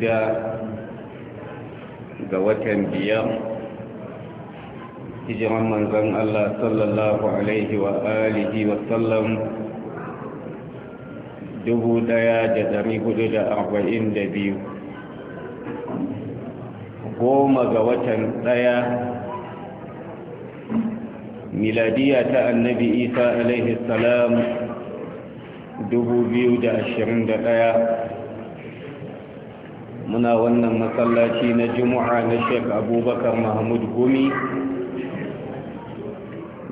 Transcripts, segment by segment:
shida ga watan biyar hijiran manzan Allah sallallahu alaihi wa alihi wa sallam dubu daya da dari hudu da arba'in da biyu goma ga watan daya miladiya ta annabi isa alaihi salam dubu biyu da ashirin da daya muna wannan masallaci na juma'a na sheik abubakar mahmud gumi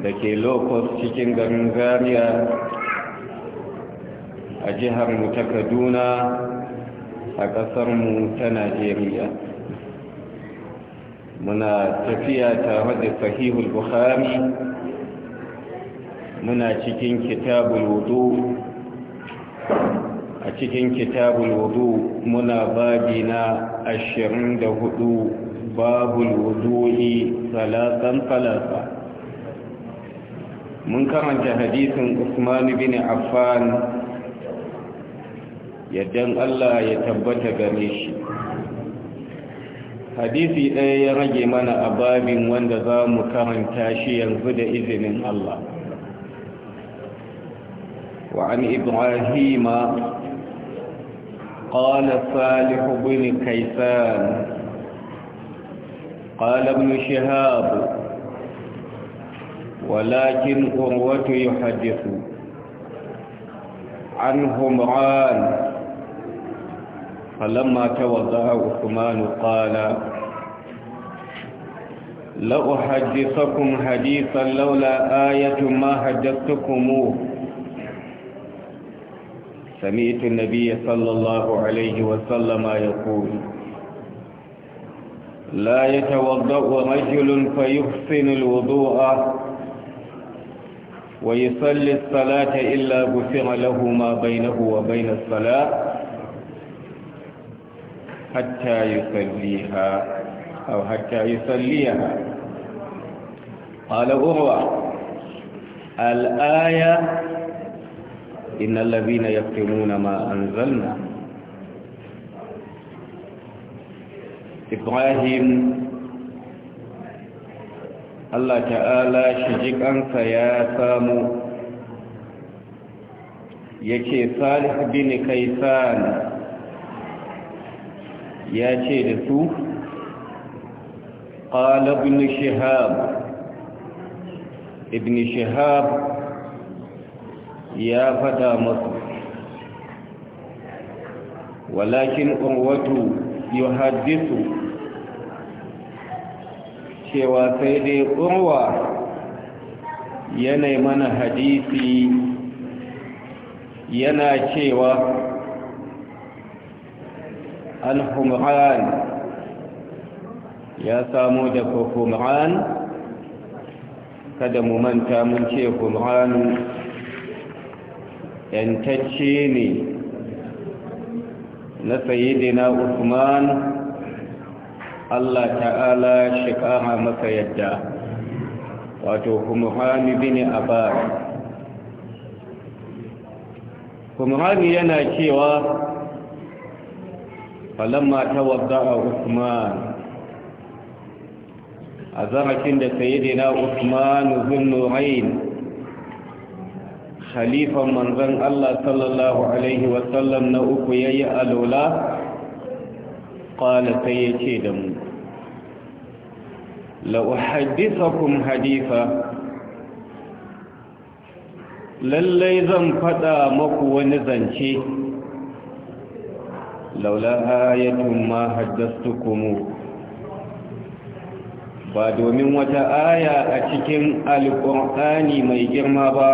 da ke lokos cikin garin zaria a jihar mu ta kaduna a ƙasarmu ta najeriya muna tafiya tare da sahihul bukhari muna cikin kitabul wudu a cikin kitabul wudu muna babi na ashirin da hudu babul wudu'i salatan falasa mun karanta hadisin usman bin affan yaddan Allah ya tabbata gare shi hadisi ɗaya ya rage mana a babin wanda za mu karanta shi yanzu da izinin Allah وعن إبراهيم قال صالح بن كيسان قال ابن شهاب ولكن قروة يحدث عن همران فلما توضأ عثمان قال لأحدثكم حديثا لولا آية ما حدثتكموه سمعت النبي صلى الله عليه وسلم يقول لا يتوضأ رجل فيحسن الوضوء ويصلي الصلاة إلا غفر له ما بينه وبين الصلاة حتى يصليها أو حتى يصليها قال أروى الآية إن الذين يكتمون ما أنزلنا إبراهيم Allah ta'ala shi jikansa ya samu yake salih bin kaisan ya ce da su qala ibn ibn shihab ya fada masu walakin ƙunwatu ya haddisu cewa sai dai ƙunwa yanayi mana hadisi yana cewa al ya samu daga humran kada mu manta mun ce humran yantacce ne na sayidina usman allah ta'ala shi kama masa yadda wato bini a abbas kumhani yana cewa falamma a usman a zarafin da sayidina usman zunnu rain khalifan manzon Allah sallallahu alaihi wasallam na uku ya yayi alula qala sai yace da mu la uhaddithakum haditha lallai zan faɗa maku wani zance laula ayatun ma haddastukumu ba domin wata aya a cikin alƙur'ani mai girma ba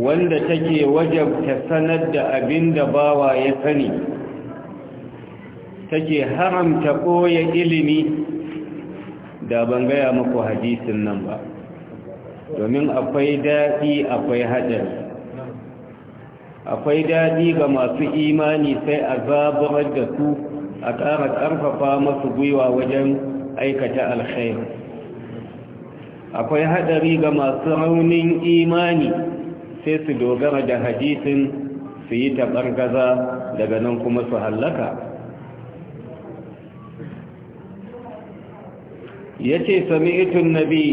wanda take wajabta sanar da abin da bawa ya sani take haramta koya ilimi da ban gaya muku hadisin nan ba domin akwai daɗi akwai haɗari akwai daɗi ga masu imani sai a zaburar da su a ƙara ƙarfafa masu gwiwa wajen aikata alkhairu akwai haɗari ga masu raunin imani sai su dogara da hadisin su yi taɓargaza daga nan kuma su hallaka ya ce sami'itun nabi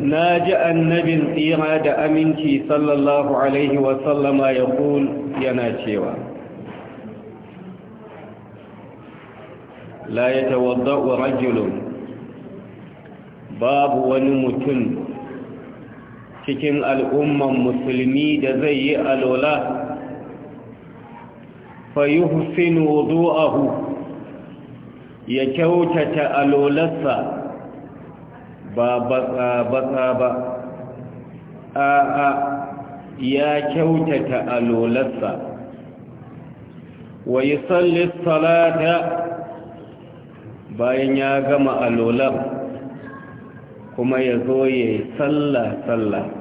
na ji annabin tsira da aminci sallallahu alaihi wasallama ya kul yana cewa la ya tawadda rajulun babu wani mutum cikin al'umman musulmi da zai yi alola fayuhsin wudu'ahu ya kyautata alolarsa ba batsa ba a'a ya kyautata alolarsa wa yi salata bayan ya gama alolar kuma ya zo ya yi sallah-sallah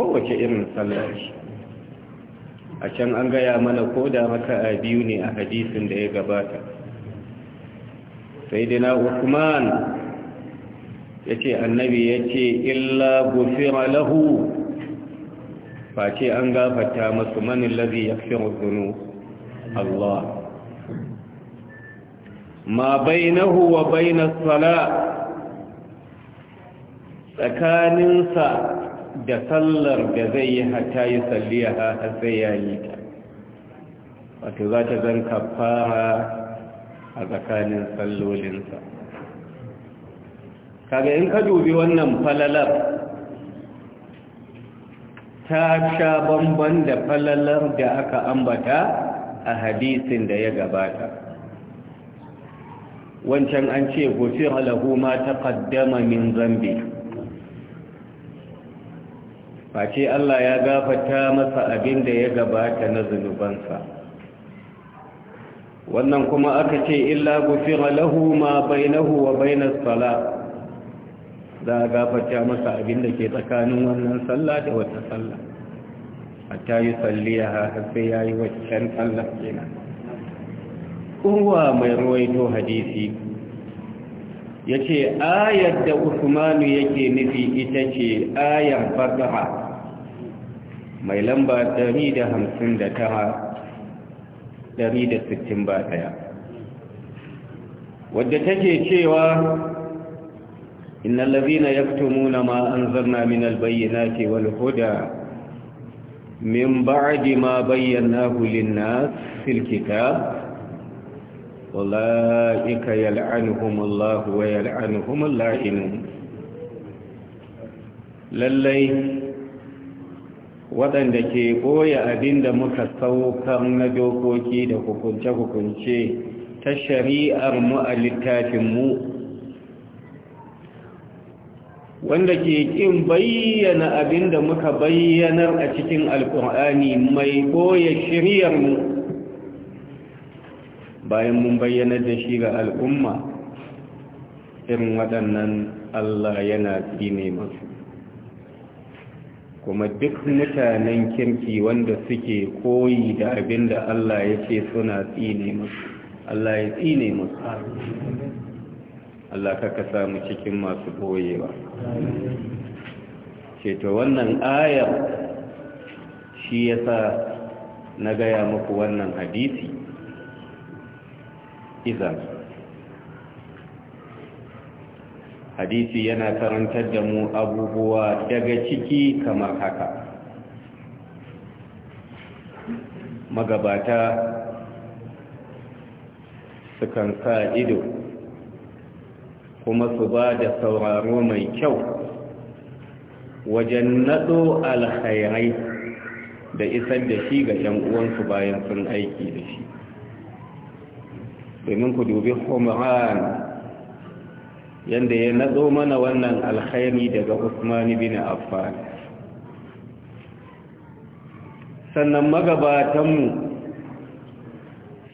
kowace irin sallar a can an gaya mana ko da maka a biyu ne a hadisin da ya gabata sai dina usman ya ce annabi ya ce illa gufira lahu face an gafata masu manin lazi ya fi rukunu Allah ma bainahu wa na sala tsakaninsa da sallar da zai yi hata yi salliya har sai ya yi ta wato za ta zan kafara a tsakanin sallolinsa kaga in ka dubi wannan falalar ta sha bamban da falalar da aka ambata a hadisin da ya gabata wancan an ce gufir halahu ma taqaddama min zambi face Allah ya gafata masa abin da ya gabata na zunubansa wannan kuma aka ce illa gufira lahu ma bainahu wa bainar sala za a gafata masa abin da ke tsakanin wannan sallah da wata sallah hatta yi salliya har sai yayi waccan sallah kenan Kowa mai ruwaito hadisi ya ce ayar da usmanu yake nufi ita ce ayar fataha mai lamba dari da hamsin da tara dari da sittin ba ɗaya wadda take cewa inna lalzina ya fitumuna ma an zarna min albayyana ke walhuda min ba'adi ma bayyana hulun na filkita wala'ika yal'anuhumullahu wa yal'anuhumullahinun lallai waɗanda ke ɓoye abin da muka saukan na dokoki da hukunce-hukunce ta shari'ar mu a littafinmu wanda ke ƙin bayyana abin da muka bayyanar a cikin alƙur'ani mai ɓoye shiryarmu bayan mun bayyanar da shi ga al'umma irin waɗannan Allah yana ne masu kuma duk mutanen kirki wanda suke koyi da abin da Allah ya ce suna tsine musu Allah ya tsine musu Allah kaka samu cikin masu koyewa to wannan ayar shi ya sa na gaya muku wannan hadisi izan hadisi yana karantar da mu abubuwa daga ciki kamar haka magabata sukan sa ido kuma su ba da sauraro mai kyau wajen naɗo alkhairai da isar da shi ga 'yan uwansu bayan sun aiki da shi domin ku dubi homeran yanda ya nazo mana wannan alkhairi daga Usman bin Affan sannan magabatanmu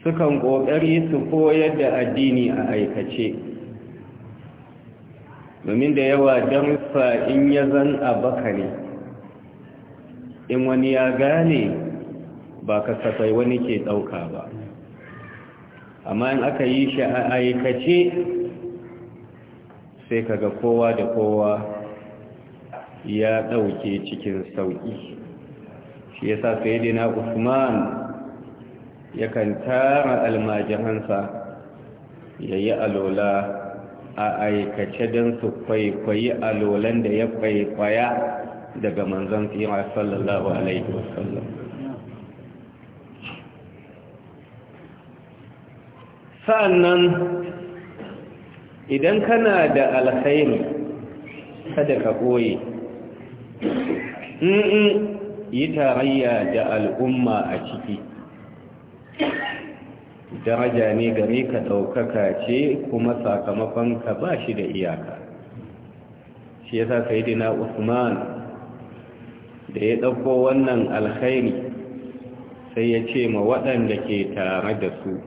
sukan ƙoƙari su koyar da addini a aikace domin da yawa darussa in ya zan abaka ne in wani ya gane ba kasafai wani ke ɗauka ba amma in aka yi shi a aikace sai kaga kowa da kowa ya ɗauke cikin sauƙi shi ya sa sai dina usman yakan tara almajiransa ya yi alola a aikace don su kwaikwayi alolan da ya kwaikwaya daga manzan tsira sallallahu alaihi wasallam sa'annan idan kana da alkhairi kada ka koye in yi tarayya da al'umma a ciki daraja ne gare ka ɗaukaka ce kuma sakamakon ka ba shi da iyaka shi ya sa dina usman da ya ɗauko wannan alkhairi sai ya ce ma waɗanda ke tare da su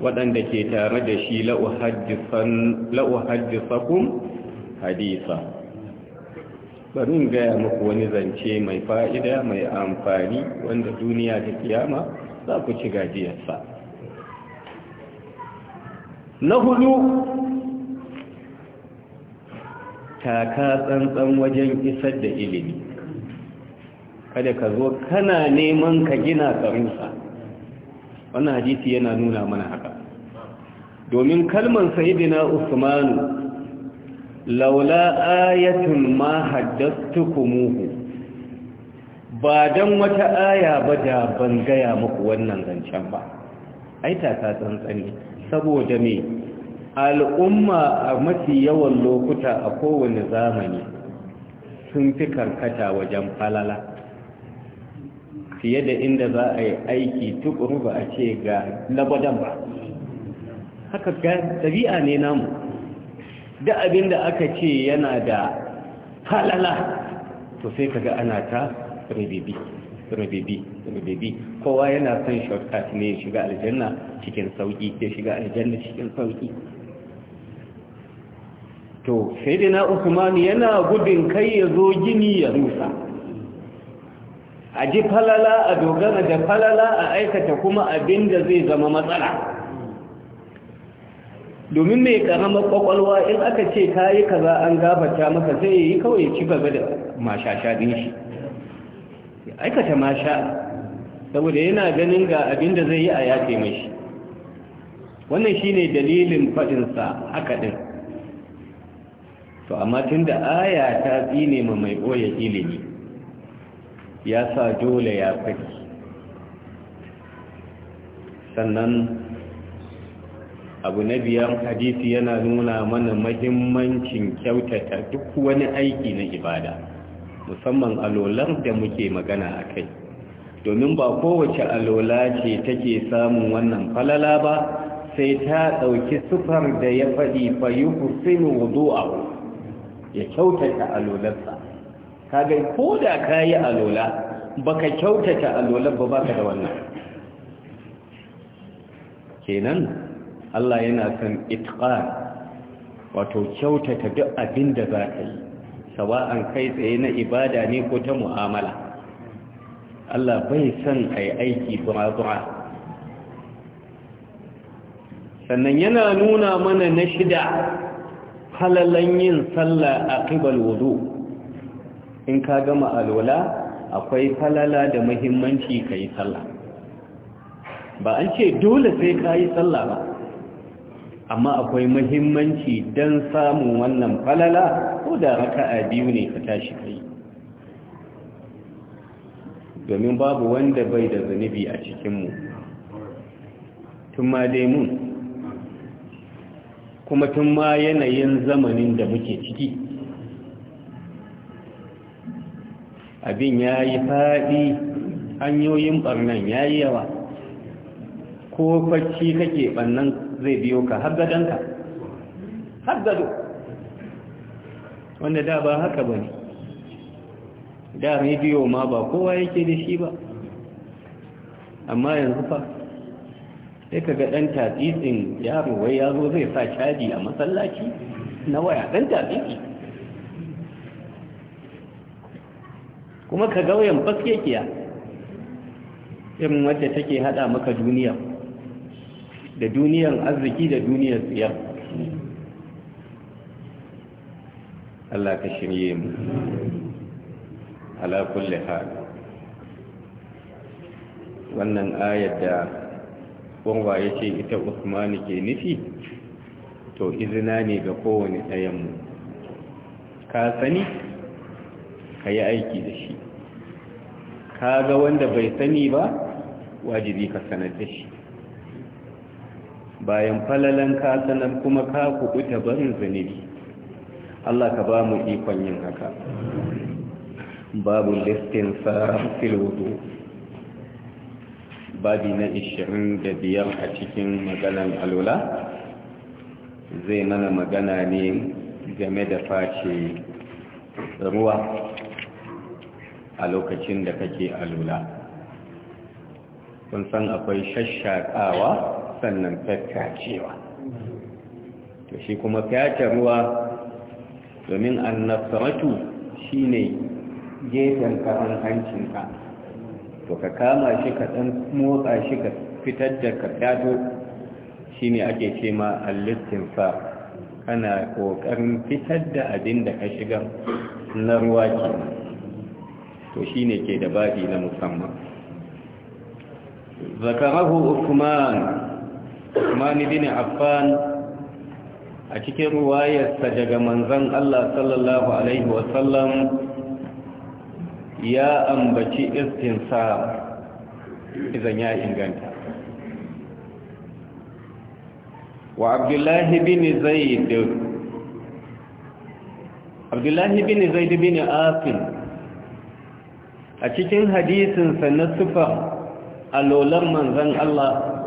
waɗanda ke tare da shi la'uhajjisakun hadisa bari in gaya muku wani zance mai fa'ida mai amfani wanda duniya da kiyama za ku ci gajiyarsa na hudu taka tsantsan wajen isar da ilimi kada ka zo kana neman ka gina tsarinsa wannan hadisi yana nuna mana haka domin kalman sayidina usmanu laula ayatun ma haddathtukumuhu ba dan wata aya ba da ban gaya muku wannan zancen ba ai ta ta tsantsani saboda me al'umma a mafi yawan lokuta a kowane zamani sun fi karkata wajen falala fiye da inda za a yi aiki tukuru ba a ce ga labadan ba haka ɗabi'a ne namu da abin da aka ce yana da falala to sai kaga ana ta rabibi rabibi rabibi kowa yana son shortcut ne shiga aljanna cikin sauki ya shiga aljanna cikin sauki to sai dai na usman yana gudun kai ya zo gini ya rusa a ji falala a dogara da falala a aikata kuma abin da zai zama matsala domin mai karamar kwakwalwa in aka ce ta yi kaza an gabata maka zai yi kawai ci gaba da mashasha din shi aikata masha saboda yana ganin ga abinda zai yi a yafe mashi wannan shi ne dalilin faɗinsa haka din. to amma tun da aya ta tsine ma mai ɓoye ilimi ya sa dole ya fadi sannan abu na biyan hadisi yana nuna mana mahimmancin kyautata duk wani aiki na ibada musamman alolar da muke magana a kai domin ba kowace alola ce take samun wannan falala ba sai ta ɗauki sufar da ya faɗi fayi husinu wudu'a ya kyautata alolarsa kagai ko da ka yi alola baka kyautata alolar ba baka da wannan kenan Allah yana son itqan wato kyautata duk abin da za ka yi sawa'an kai tsaye na ibada ne ko ta mu'amala Allah bai son a yi aiki ba sannan yana nuna mana na shida halalan yin sallah a ƙibar wudu in ka gama alwala akwai falala da muhimmanci ka yi sallah ba an ce dole sai ka yi sallah ba amma akwai muhimmanci don samun wannan falala ko da a biyu ne ka tashi kai domin babu wanda bai da zunubi a cikinmu tun ma dai mun kuma tun ma yanayin zamanin da muke ciki abin ya yi faɗi hanyoyin ɓarnan ya yi yawa ko kwacci kake ɓannan zai biyo ka har gadonka har gado wanda da ba haka ba ne da rediyo ma ba kowa yake da shi ba amma yanzu fa sai ka ga ɗan tatsitsin yaro wai ya zo zai sa caji a masallaci na waya ɗan tatsitsi kuma ka ga wayan faskiya irin wacce take hada maka duniya da duniyar arziki da duniyar tsiyar Allah ka shirye mu ala kulli hal wannan ayar da ƙunwa ya ce ita Usman ke nufi to izina ne ga kowane mu. ka sani ka yi aiki da shi ka ga wanda bai sani ba wajibi ka sanar da shi bayan falalan ka kuma ka kubuta barin zanibi Allah ka ba mu ikon yin haka babu listin fil wudu babi na 25 a cikin maganan alula zai mana magana ne game da face ruwa a lokacin da kake alula kun san akwai shashakawa sannan cewa to shi kuma fyace ruwa domin annasaratu shine gefen kafan hancinka to ka kama shi ka ɗan motsa shi ka fitar da ka fyato shine ake ce ma allistin fa kana ƙoƙarin fitar da abin da ka shiga na ruwa ke to shine ke da baɗi na musamman zakarahu usman Usman bin Affan a cikin ruwayarsa daga manzon Allah sallallahu alaihi sallam ya ambaci istinsa idan ya inganta wa abdullahi bin zaid abdullahi bin zaid bin asim a cikin hadisinsa na sufa alolan manzan Allah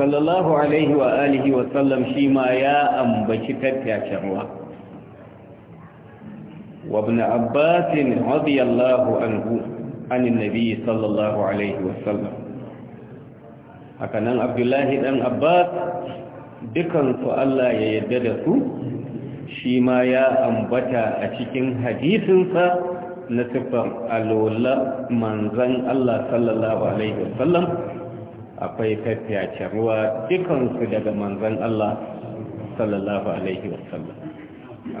sallallahu alaihi wa alihi wa sallam shi ma ya ambaci tattacen ruwa wa ibn abbas radiyallahu anhu an annabi sallallahu alaihi wa sallam haka nan abdullahi dan abbas dukan su Allah ya yarda da su shi ma ya ambata a cikin hadisinsa na sifar alola manzan Allah sallallahu alaihi wa sallam akwai faffiyace ruwa dukansu daga manzan Allah sallallahu alaihi wasallam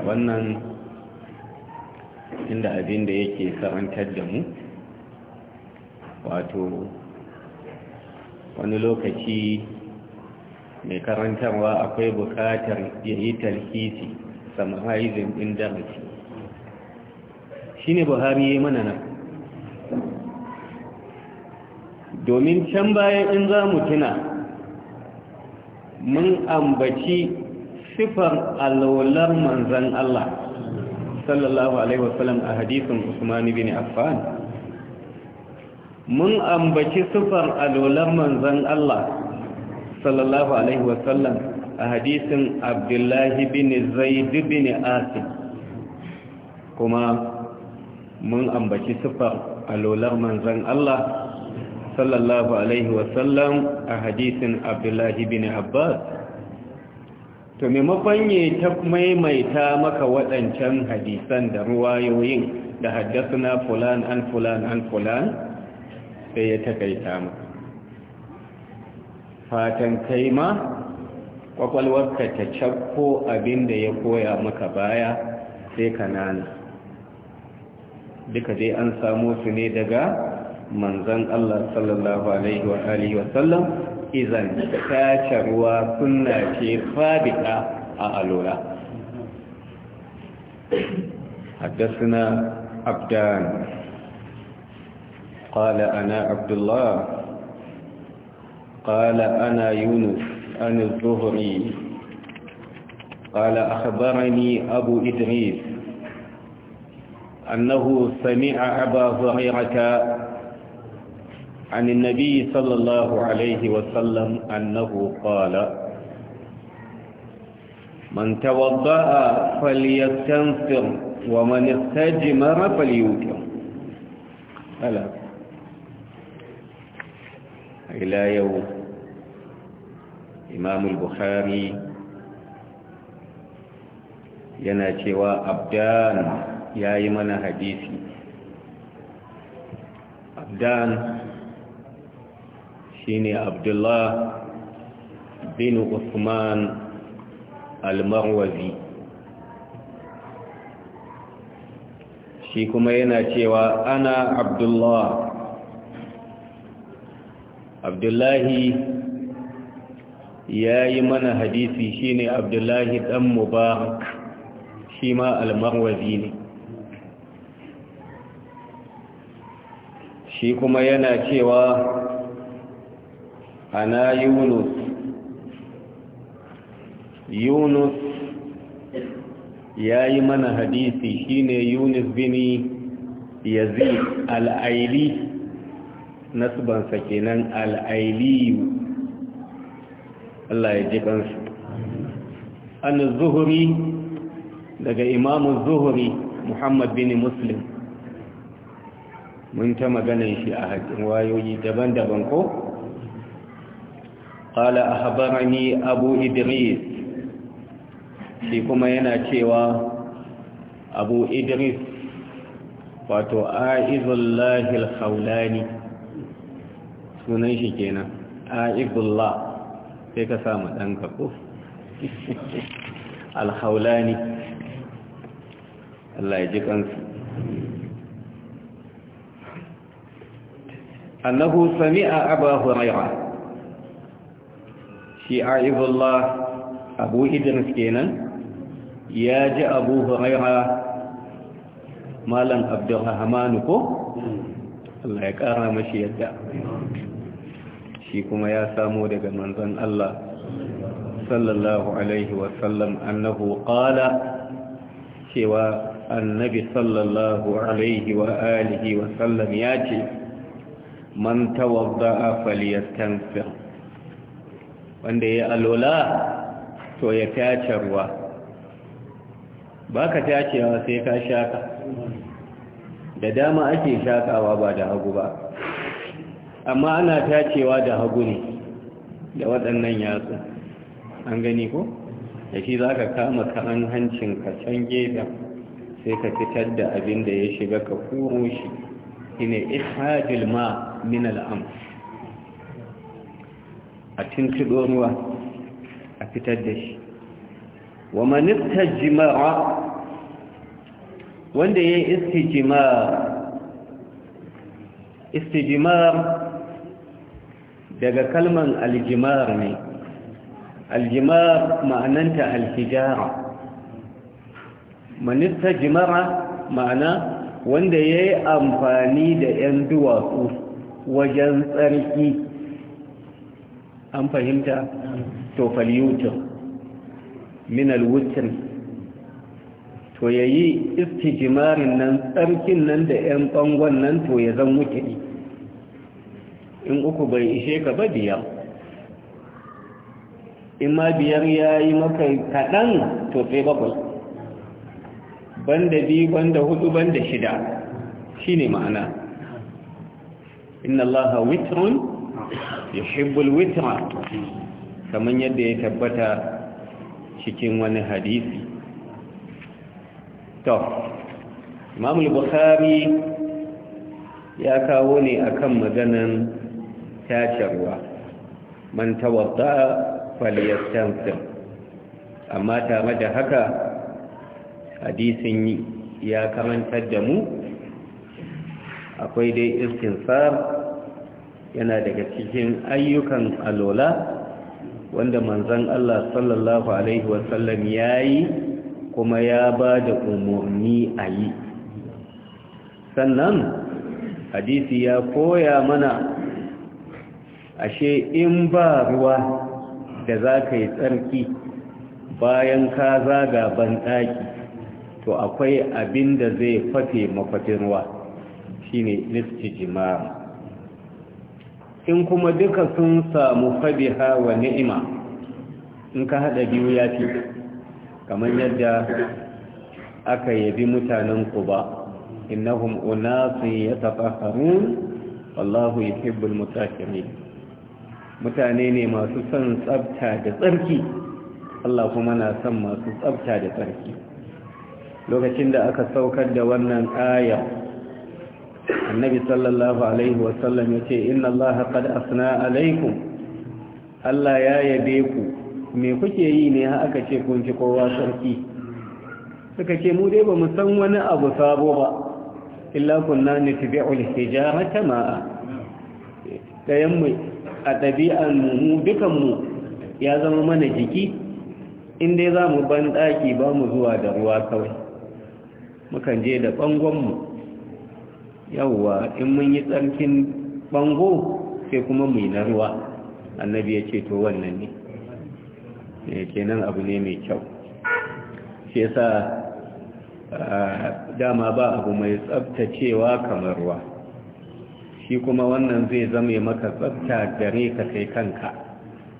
a wannan inda abin da yake sarantar da mu wato wani lokaci mai karantarwa akwai bukatar ya yi talhisi samarizin ɗin darasi shi ne buhari ya mana nan domin can baya in za mu tuna mun ambaci sifar alwalar manzan Allah sallallahu alaihi wasallam a hadisin Usman bin Affan mun ambaci sifar alwalar manzan Allah sallallahu alaihi wasallam a hadisin Abdullahi bin Zaid bin Asim kuma mun ambaci sifar alwalar manzan Allah sallallahu alaihi wasallam a hadisin abdullahi bin abbas to maimakon yi ta maimaita maka waɗancan hadisan da ruwayoyin da haddasa fulan an fulan an fulan sai ya takaita maka fatan kai ma kwakwalwarka ta cakko abin da ya koya maka baya sai kanana duka dai an samo su ne daga manzan Allah sallallahu alaihi wa alihi wa sallam idan tace ruwa sunna ce sabita a alola حدثنا عبدان قال أنا عبد الله قال أنا يونس عن الزهري قال أخبرني أبو إدريس أنه سمع أبا هريرة عن النبي صلى الله عليه وسلم أنه قال من توضأ فليستنفر ومن استجمر فليوتر ألا إلى يوم إمام البخاري يناشوا أبدان يا إيمان حديثي أبدان shine abdullah bin usman al-marwazi shi kuma yana cewa ana abdullah abdullahi ya yi mana hadisi shine abdullahi dan mubarak shi ma al-marwazi ne shi kuma yana cewa ana yunus yunus ya yi mana hadisi shine yunus bini yazid al'aili nasbansa kenan al'ailiyu Allah ya ji kansu an zuhuri daga imamu zuhuri muhammad bin muslim mun ta maganin shi a haƙin wayoyi daban-daban ko قال أخبرني أبو إدريس فيكما يناتيوا أبو إدريس وتعائذ الله الخولاني سننشي كينا أعيذ الله فيك سامة أنك alhaulani Allah ya ji kansu annahu sami'a aba huraira shi a'izullah abu idris kenan ya ji abu huraira malam abdurrahman ko Allah ya kara mashi yadda shi kuma ya samo daga manzon Allah sallallahu alaihi sallam annahu qala cewa annabi sallallahu alaihi wa alihi wasallam ya ce man tawadda'a falyastanfir wanda ya alola to ya tace ruwa ba ka tacewa sai ka shaka da dama ake shakawa ba da hagu ba amma ana tacewa da hagu ne da waɗannan yatsu an gani ko da shi za ka kama kan hancin ka can gefen sai ka fitar da abin da ya shiga ka kuro shi ne ishajil ma min al'amur a tuntuɗo ruwa a fitar da shi wa manifta jima'a wanda ya yi istijimar istijimar daga kalman aljimar ne aljimar ma'ananta alhijara manifta jimara ma'ana wanda ya yi amfani da 'yan duwatsu wajen tsarki an fahimta to falyutir min alwutun to yayi istijmarin nan tsarkin nan da 'yan bangon nan to ya zan wuce? in uku bai ishe ka ba biyar in ma biyar ya yi maka kaɗan to sai bakwai banda biyu banda hudu banda shida shine ma'ana inna allaha witrun yuhibbul witra kamar yadda ya tabbata cikin wani hadisi to imamul bukhari ya kawo ne akan maganan tasharwa man tawadda falyastanfir amma tare da haka hadisin ya karantar da mu akwai dai istinsar yana daga cikin ayyukan alola wanda manzan Allah sallallahu Alaihi wasallam ya yi kuma ya ba da umarni a yi sannan hadisi ya koya mana ashe in ba ruwa da za ka yi tsarki bayan ka zaga ban to akwai abinda zai fafe mafatin ruwa shine ne in kuma duka sun samu fabiha wa ni'ima in ka hada biyu ya fi kamar yadda aka yabi mutanen kuba innahum unasun yatafakharun wallahu yuhibbul mutahhirin mutane ne masu son tsafta da tsarki Allah kuma na son masu tsafta da tsarki lokacin da aka saukar da wannan ayar annabi sallallahu alaihi wasallam ya ce inna Allah qad asna alaikum Allah ya yabe ku me kuke yi ne har aka ce kun ci kowa sarki suka ce mu dai ba mu san wani abu sabo ba illa kunna al hijarata ma'a dayan mu a dabi'an mu dukan mu ya zama mana jiki in dai za mu ban daki ba mu zuwa da ruwa kawai mukan je da bangon mu. yawwa in mun yi tsarkin bango sai kuma mu yi na ruwa annabi ya ce to wannan ne eh, kenan abu ne mai kyau shi yasa ah, dama ba abu mai tsabtacewa kamar ruwa shi kuma wannan zai zama maka tsabta gare ka kai kanka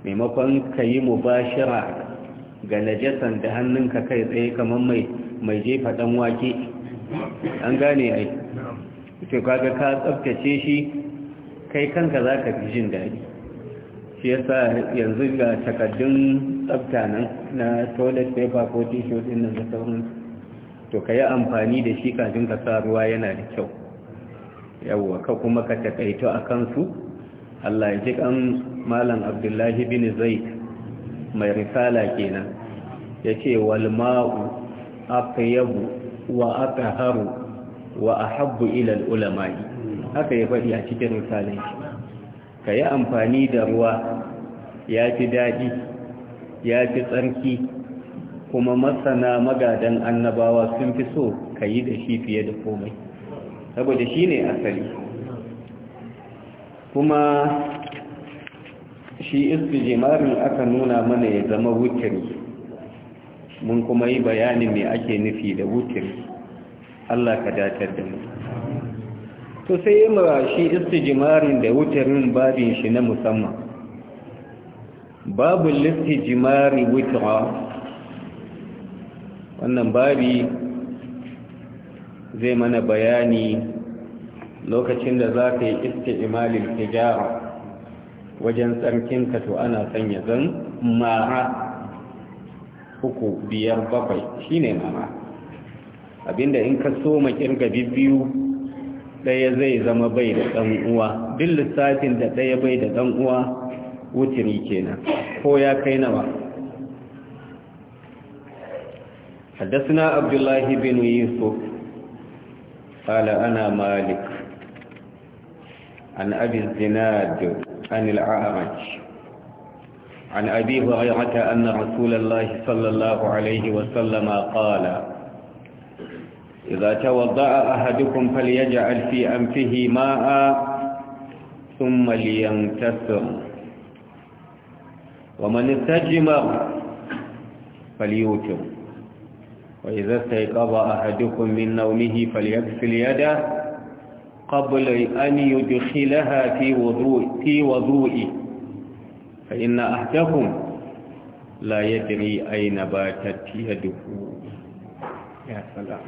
maimakon ka yi mubashira ga najasan da hannunka kai tsaye kamar mai jefa dan wake an gane ai ce kaga ka tsabtace shi kai kanka za ka fi jin daɗi shi yasa yanzu ga takaddun tsabta na toilet paper ko tissue ɗin nan da sauransu to ka yi amfani da shi kafin ka sa ruwa yana da kyau yawwa ka kuma ka takaito a kansu Allah ya ji kan malam abdullahi bin zaid mai risala kenan ya ce walma'u a wa atharu wa a ahabbu ilal ulama'i haka ya faɗi a cikin misalin ka yi amfani da ruwa ya fi daɗi ya fi tsarki kuma masana magadan annabawa sun fi so ka yi da shi fiye da komai saboda shi ne asali kuma shi isu jimarin aka nuna mana ya zama wutiri mun kuma yi bayanin me ake nufi da wutiri Allah ka datar da mu to sai ya mura shi istijimarin da wutarin babin shi na musamman babu listijimari wutura wannan babi zai mana bayani lokacin da za ka yi istijimalin tijara wajen tsarkin ka to ana sanya zan mara uku biyar bakwai shine mara abinda in ka soma kirga biyu ɗaya zai zama bai da ɗan uwa duk lissafin da ɗaya bai da ɗan uwa wutiri kenan ko ya kai nawa حدثنا عبد الله بن يوسف قال أنا مالك عن أبي الزناد عن عن أبي هريرة أن رسول الله صلى الله عليه وسلم قال إذا توضأ أحدكم فليجعل في أنفه ماء ثم لينتثر ومن استجمر فليوتر وإذا استيقظ أحدكم من نومه فليغسل يده قبل أن يدخلها في وضوء فإن أحدكم لا يدري أين باتت يده يا سلام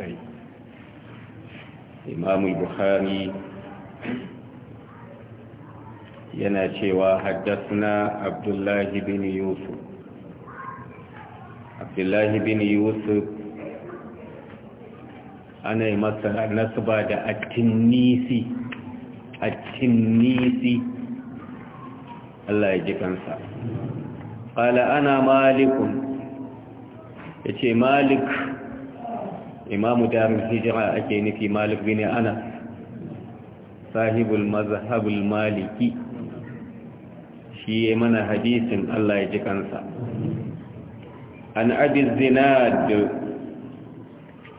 sosai imamu buhari yana cewa haddasna abdullahi bin yusuf abdullahi bin yusuf ana yi masa nasuba da attinisi attinisi Allah ya ji kansa qala ana malikun ya ce malik imamu darul hijira ake nufi malik bin ana sahibul mazhabul maliki shi ya mana hadisin Allah ya ji kansa an abi zinad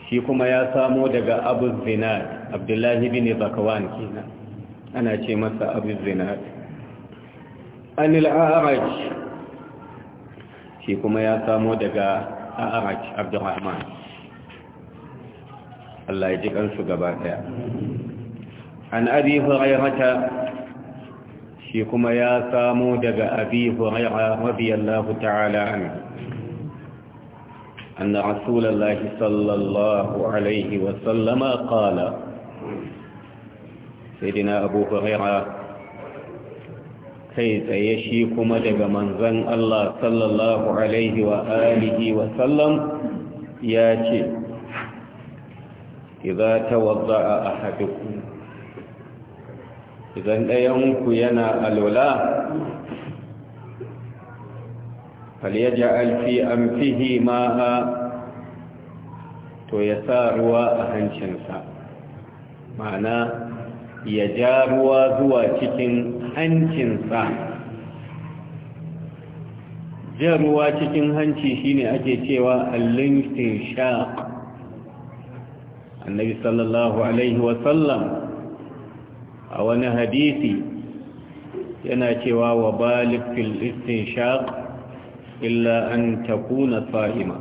shi kuma ya samo daga abu zinad abdullahi bin zakawan kenan ana ce masa abu zinad an al'araj shi kuma ya samo daga a'araj abdurrahman Allah ya ji kansu gaba daya an abi hurairata shi kuma ya samu daga abi huraira radiyallahu ta'ala anhu أن رسول الله صلى الله عليه وسلم قال سيدنا أبو هريرة كيف يشيكم دب منزن الله صلى الله wa sallam, ya ce. idza tawadda'a ahadukum idan ɗayanku yana alwala falyaja alfi amfihi ma'a to ya sa ruwa a hancinsa ma'ana ya ja ruwa zuwa cikin hancinsa jan ruwa cikin hanci shine ake cewa allinkin sha. annabi sallallahu alaihi wasallam a wani hadisi yana cewa wa balik fil istinshaq illa an takuna sa'ima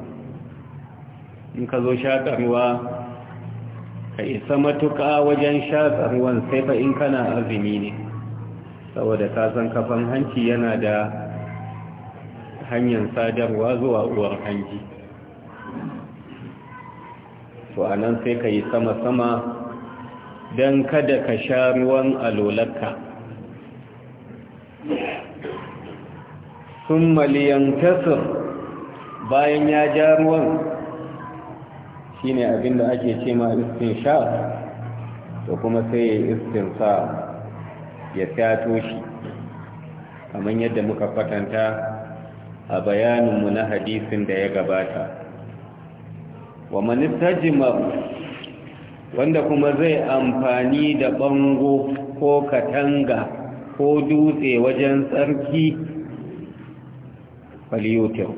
in ka zo shakarwa ka isa matuƙa wajen shakarwan sai fa in kana azumi ne saboda kasan kafan hanci yana da hanyar sadarwa zuwa uwar hanji to a nan sai ka yi sama-sama don kada ka sha ruwan alolarka sun maliyan tasir bayan ya ja ruwan shi ne abinda ake ce ma iskin sha to kuma sai ya iskin sa ya fyato shi kamar yadda muka fatanta a bayaninmu na hadisin da ya gabata wa maniftajimar wanda kuma zai amfani da bango ko katanga ko dutse wajen tsarki faliyotir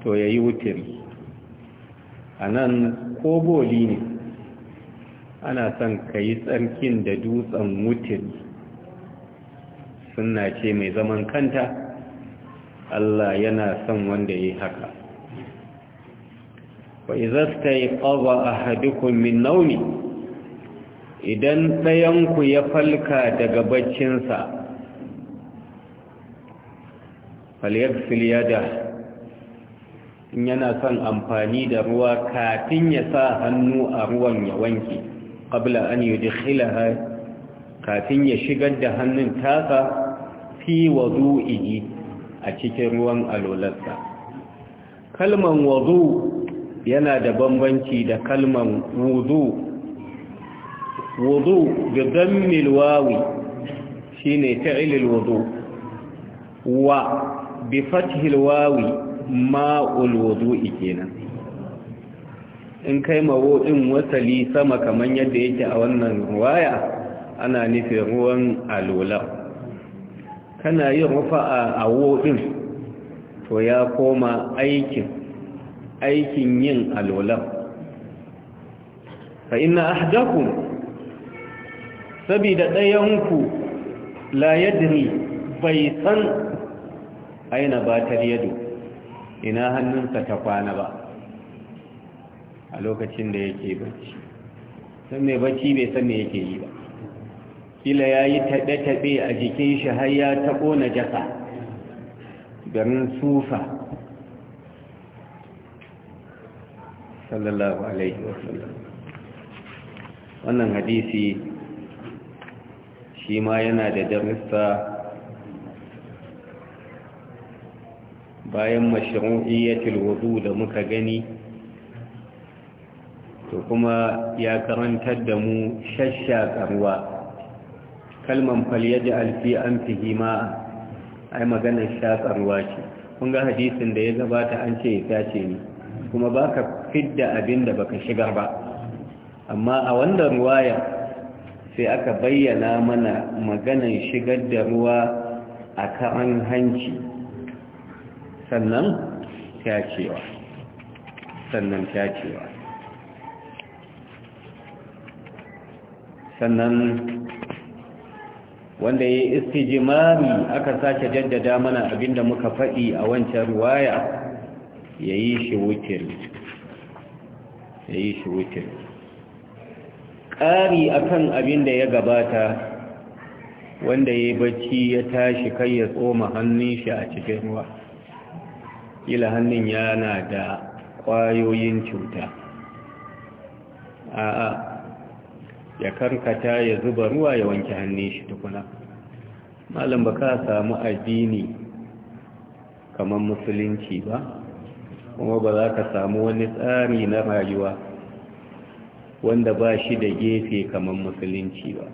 to ya yi wutiri a nan ko boli ne ana son ka yi tsarkin da dutsen wutiri suna ce mai zaman kanta Allah yana son wanda ya yi haka فإذا استيقظ أحدكم من نومه idan tsayanku ya falka daga baccinsa falyaksil yada in yana son amfani da ruwa kafin ya sa hannu a ruwan ya wanke ƙabla an yi dukkilaha kafin ya shigar da hannun tasa fi wazu'ihi a cikin ruwan alolarsa kalman wazu yana da bambanci da kalmar wudu wudu bi dammil wawi shine ilil wudu wa bi fathil wawi ma'ul wudu'i kenan in kai mawo din wasali sama kamar yadda yake a wannan waya ana nufin ruwan alola kana yin rufa a wudin to ya koma aikin aikin yin alwalar fa ina ahdaku sabida ɗayanku la yadri bai san aina batar yado ina hannunsa ta kwana ba a lokacin da yake bacci san mai bacci bai san me yake yi ba kila ya yi taɓe-taɓe a jikin shi har ya taɓo na jasa garin sufa sallallahu alaihi wasallam wannan hadisi shi ma yana da darussa bayan mashru'iyyatul wudu da muka gani to kuma ya karantar da mu shashsha ruwa kalman falyaji alfi an fi hima ai magana shashsha ruwa ce kun ga hadisin da ya gabata an ce ya tace ni kuma baka fidda abin da baka shigar ba amma a wannan ruwaya sai aka bayyana mana maganan shigar da ruwa a karan hanci sannan cewa. sannan cewa. sannan wanda ya yi aka sake jaddada mana abinda muka faɗi a wancan ruwaya ya yi shi wukiri ya yi shi witir ƙari kan abin da ya gabata wanda ya yi bacci ya tashi kai ya tsoma hannun shi a cikin ruwa ila hannun yana da ƙwayoyin cuta a'a ya karkata ya zuba ruwa ya wanke hannun shi tukuna malam ba ka samu addini kamar musulunci ba kuma ba za ka samu wani tsari na rayuwa wanda ba shi da gefe kamar musulunci ba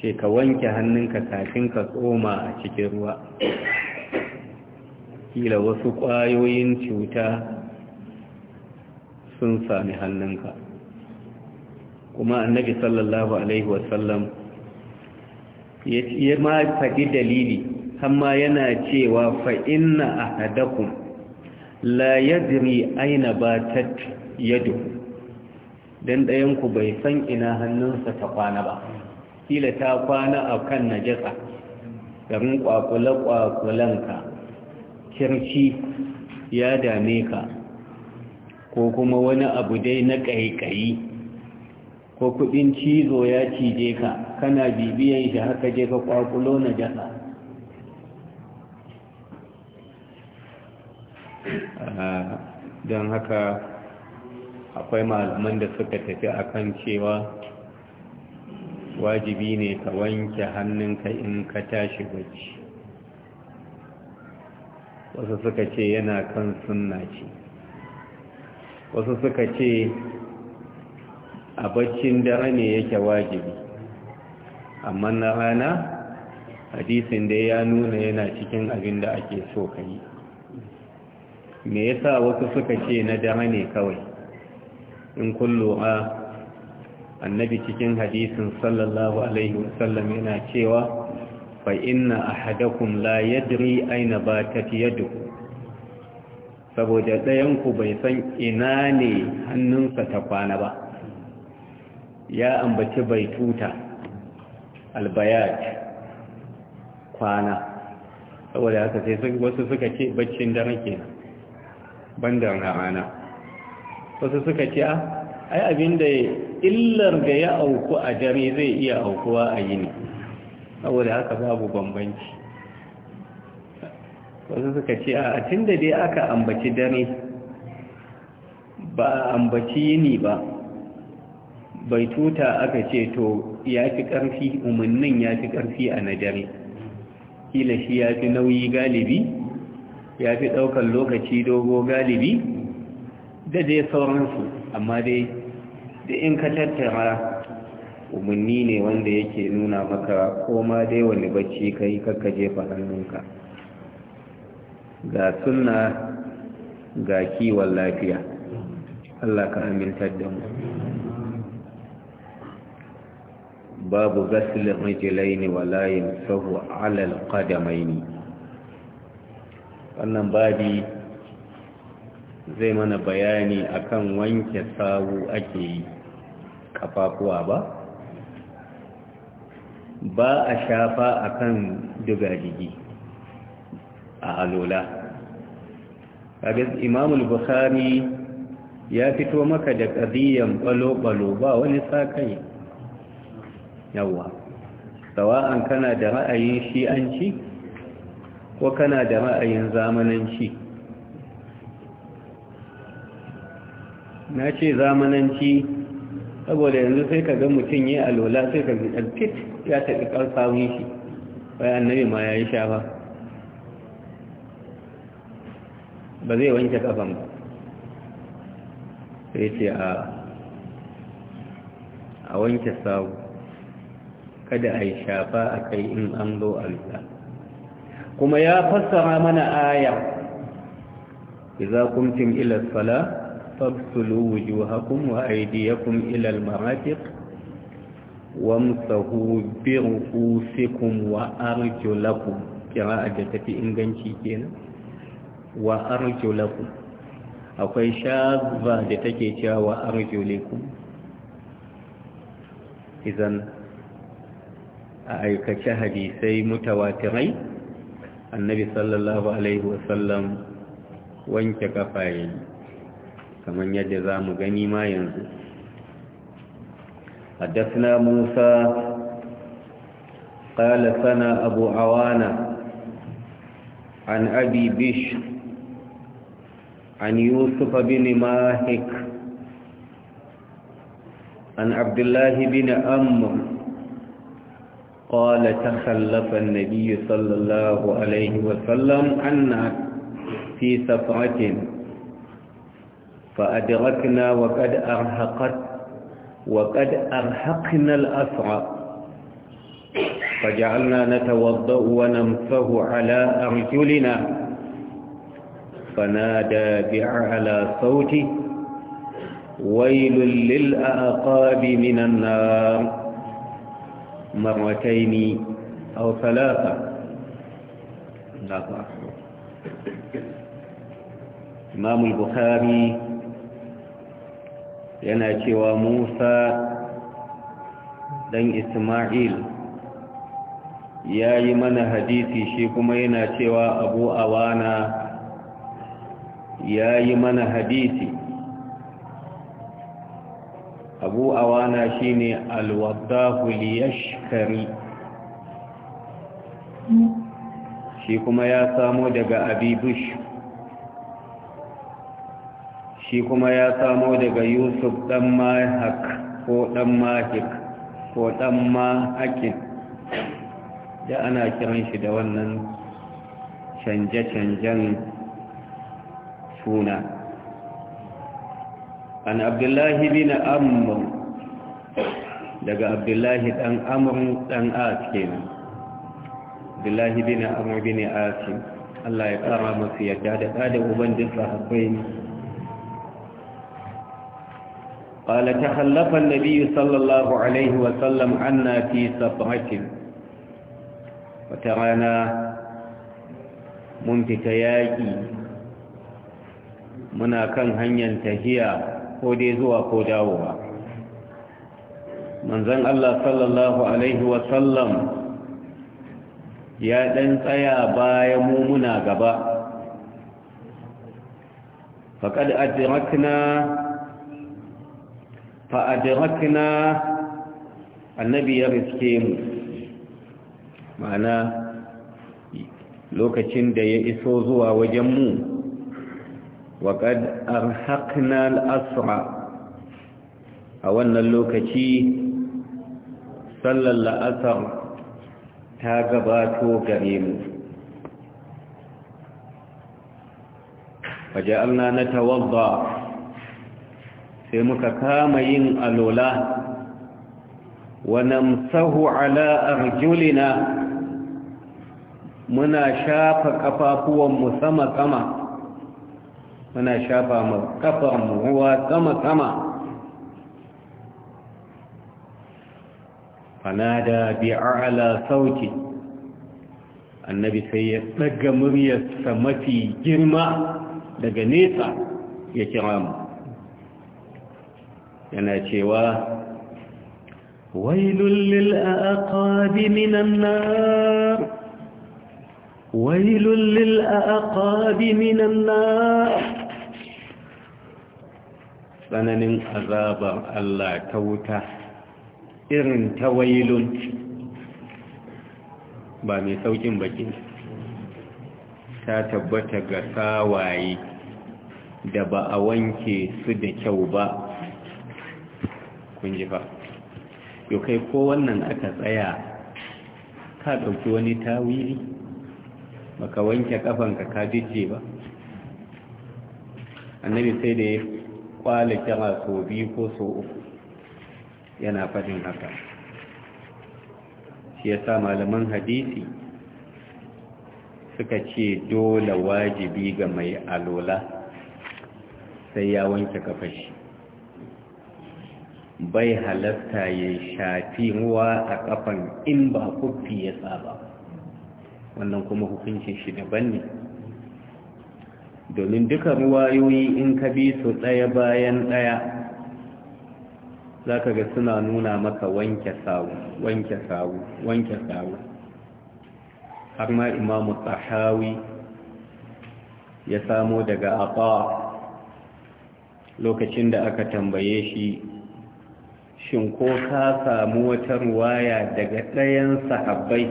ce ka wanke hannunka kafin ka tsoma a cikin ruwa kila wasu ƙwayoyin cuta sun sami hannunka kuma annabi sallallahu alaihi wasallam ya ma faɗi dalili amma yana cewa fa inna ahadakum la yadri aina batat yadu dan dayan ku bai san ina hannunsa ta kwana ba kila ta kwana a kan najasa garin kwakula kwakulanka kirci ya dame ka ko kuma wani abu dai na kaikayi ko kudin cizo ya cije ka kana bibiyan shi haka je ka kwakulo na jasa don haka akwai malaman da suka tafi a kan cewa wajibi ne ka wanke hannunka in ka tashi bacci wasu suka ce yana kan sunna ce wasu suka ce a baccin dare ne yake wajibi amma na rana hadisin da ya nuna yana cikin abin da ake so ka yi me yasa wasu suka ce na dama ne kawai in kullu a annabi cikin hadisin sallallahu alaihi wasallam yana cewa fa inna ahadakum la yadri aina batat yadu saboda ku bai san ina ne hannunsa ta kwana ba ya ambaci bai tuta albayat kwana saboda haka sai wasu suka ce baccin dare kenan banda rana wasu suka ce ah, ai abinda illar da ya auku a dare zai iya aukuwa a yini saboda haka babu bambanci wasu suka ce a ah, tun da dai aka ambaci dare ba a ambaci yini ba bai tuta aka ce to ya fi karfi umarnin ya fi ƙarfi a na dare kila shi ya fi nauyi galibi ya fi ɗaukar lokaci dogo galibi da dai sauransu amma dai da in ka tattara umarni ne wanda yake nuna maka koma dai wani bacci ka yi kakka jefa hannunka ga suna ga kiwon lafiya Allah ka amintar da mu babu gasilin rijilai ne walayin sahu alal ƙadamai ne wannan babi zai mana bayani akan wanke sawu ake yi kafafuwa ba ba a shafa akan dugajigi a alola kaga imamul bukhari ya fito maka da qadiyan balo-balo ba wani sakai yawa sawa'an kana da ra'ayin shi'anci ko kana da ra'ayin zamananci na ce zamananci saboda yanzu sai ka ga mutum ya alola sai ka ga fit ya taɓi ƙarfawun shi bayan annabi ma ya yi sha ba ba zai wanke ƙafan ba sai ce a wanke sawu kada a yi shafa a kai in an zo a kuma ya fassara mana aya idza kuntum ila as-salah fabsulu wujuhakum wa aydiyakum ila al-marafiq wamsahu bi rufusikum wa arjulakum kira aje tafi inganci kenan wa arjulakum akwai shazba da take cewa wa arjulakum idan a aikace hadisai mutawatirai annabi sallallahu alaihi wasallam wanke kafa ya yi kamar yadda za mu gani ma yanzu حدثنا Musa ƙala sana abu عوانة عن أبي بشر عن يوسف بن ماهك عن عبد الله بن قال تخلف النبي صلى الله عليه وسلم عنا في سفرة فأدركنا وقد أرهقت وقد أرهقنا الأسرى فجعلنا نتوضأ ونمسه على أرجلنا فنادى بأعلى صوته ويل للأعقاب من النار مرتين أو ثلاثة الله أكبر إمام البخاري ينأتي وموسى dan Ismail ya yi mana hadisi shi kuma yana cewa abu awana ya yi mana hadisi abu awana shine alwaddahu liyashkari shi kuma ya samo daga abibush shi kuma ya samo daga yusuf dan mahak ko dan mahik ko dan mahakin da ana kiran shi da wannan canje-canjen suna an abdullahi bin amr daga abdullahi dan amr dan asim abdullahi bin amr bin asim Allah ya kara musu yadda da kada uban din sahabbai ne قال تخلف النبي صلى الله عليه وسلم عنا Wata rana mun fita yaƙi. muna kan hanyar tahiya ko dai zuwa ko dawowa manzon Allah sallallahu alaihi wasallam ya ɗan tsaya bayan mu muna gaba faqad adrakna fa annabi ya riske mu ma'ana lokacin da ya iso zuwa wajen mu waƙad arhaƙna al'asra a wannan lokaci sallar la'asar ta gabato gare mu waje alna na tawadda sai muka kama yin alola ونمسه على muna shafa شاف mu sama كما muna shafa mu kafar mu ruwa sama sama fanada bi a'la sauti annabi sai ya daga muryarsa mafi girma daga nesa ya kira mu yana cewa wailul lil aqabi minan nar wailul lil aqabi minan nar tsananin azabar Allah ta wuta irin ta wailun ba mai saukin bakin ta tabbata ga sawaye da ba a wanke su da kyau ba kun ji ba yau kai ko wannan aka tsaya ka ɗauki wani Ba ka wanke ƙafanka ka jije ba annabi sai da ya kwale kira so biyu ko so uku yana fadin haka shi ya sa malaman hadisi suka ce dole wajibi ga mai alola sai ya wanke kafashi bai halatta ya shafi ruwa a kafan in ba kufi ya tsaba wannan kuma hukuncin shi daban ne domin duka ruwayoyi in ka bi su ɗaya bayan ɗaya za ka ga suna nuna maka wanke sawu wanke sawu wanke sawu har ma imamu tsahawi ya samo daga aqa lokacin da aka tambaye shi shin ko ka samu wata ruwaya daga ɗayan sahabbai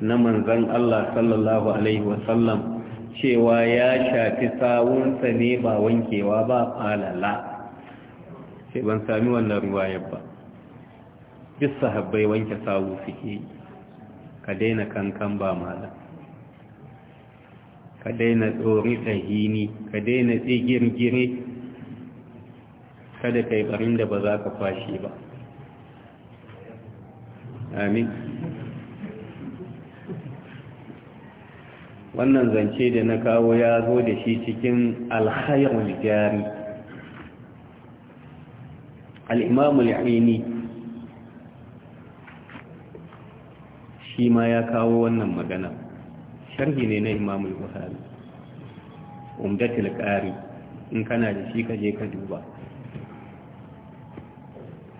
na manzan Allah sallallahu Alaihi wasallam cewa ya shafi sawunsa ne ba wankewa ba alala sai ban sami wannan ruwayar ba duk sahabbai wanke sawu suke ka daina kankan ba malam ka daina tsori tsahini ka daina tsigirgire kada ka yi barin da ba za ka fashi ba amin wannan zance da na kawo ya zo da shi cikin alhairul jari al'imamul aini shi ma ya kawo wannan magana sharhi ne na imamul buhari umdatul ƙari in kana da shi kaje ka duba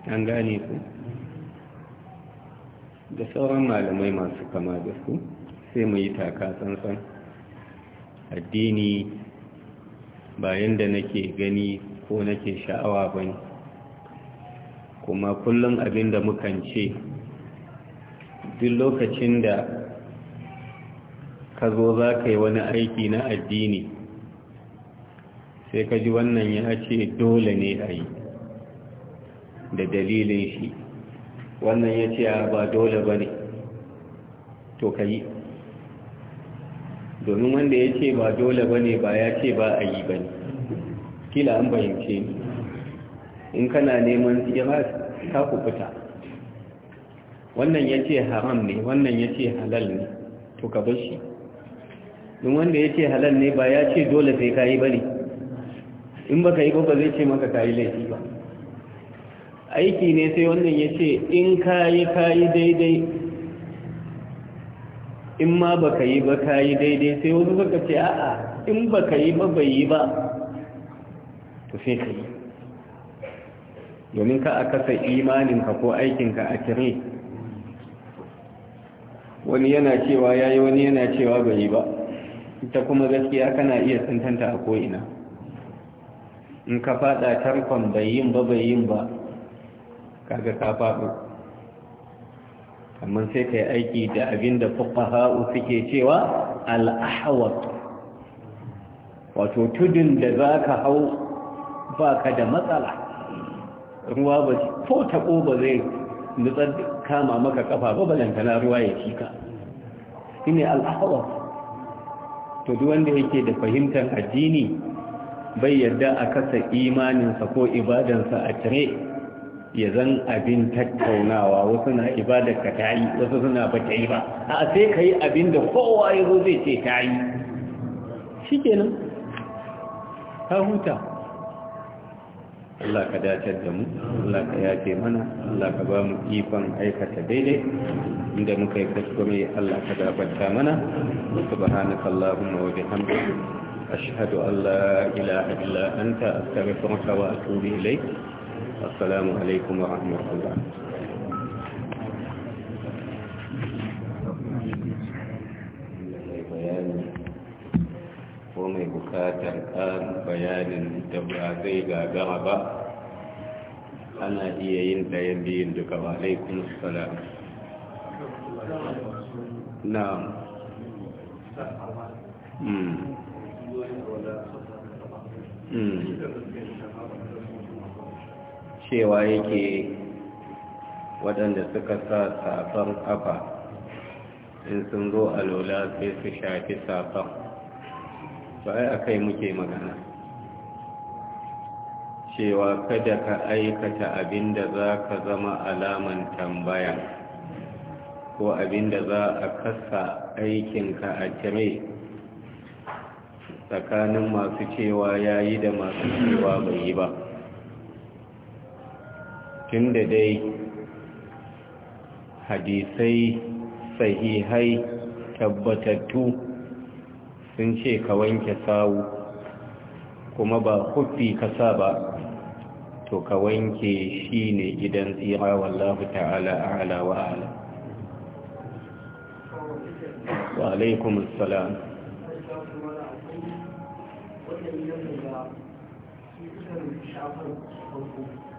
an gane ku da sauran malamai masu kama da su sai mu yi taka tsantsan addini bayan da nake gani ko nake sha'awa ba ne kuma kullum abin da mukan ce duk lokacin da ka zo za ka yi wani aiki na addini sai ka ji wannan ya ce dole ne a yi da dalilin shi wannan ya ce ba dole ba ne to ka yi domin wanda ya ce ba dole ba ne ba ya ce ba a yi ba ne kila an bayance in kana neman tsira ta kubuta wannan ya ce haram ne wannan ya ce halal ne to ka bar shi don wanda ya ce halal ne ba ya ce dole sai ka yi ba ne in baka yi ba ba zai ce maka ka yi laifi ba aiki ne sai wannan ya ce in ka yi ka yi daidai in ma baka yi ba ka yi daidai sai wasu suka ce a'a in baka yi ba bai yi ba to sai ka yi domin ka a kasa imaninka ko aikinka a kire wani yana cewa ya yi wani yana cewa bai yi ba ita kuma gaskiya kana iya tsintanta a ko'ina in ka fada tarkon bai yin ba bai ba kaga ka faɗo amma sai ka yi aiki da abinda da fuqaha'u suke cewa al-ahwat wato tudun da za ka hau ba ka da matsala ruwa ba ko taɓo ba zai nutsar kama maka kafa ba balantana ruwa ya shika ka al-ahwat to duk wanda yake da fahimtar addini bai yarda a kasa imaninsa ko ibadansa a tare ya zan abin tattaunawa wasu na ibadar ka ta yi wasu suna ba ta yi ba a sai ka yi abin da kowa ya zo zai ce ta yi shi nan ta huta Allah ka dacar da mu Allah ka yafe mana Allah ka ba mu ifan aikata daidai inda muka yi kuskure Allah ka gabata mana subhanaka allahumma wa bihamdika ashhadu an la ilaha illa anta kawo a atubu ilayk assalamu alaikum wa rahmatullah ko mai bukatar ƙarin bayanin da ba zai gagara ba ana iya yin ɗayan biyun duka ba alaikun salam na Mm. Mm. cewa yake waɗanda suka sa safar ƙafa in sun zo a lola sai su shafi safar ba a kai muke magana cewa kada ka aikata abin da za ka zama alaman tambaya ko abin da za a kasa aikinka a cire tsakanin masu cewa ya yi da masu cewa bai yi ba tun da dai hadisai sahihai tabbatattu sun ce ka wanke sawu kuma ba kufi ka sa ba to ka wanke shi ne gidan tsira wallahu ta'ala a wa ala wa alaikum assalam Thank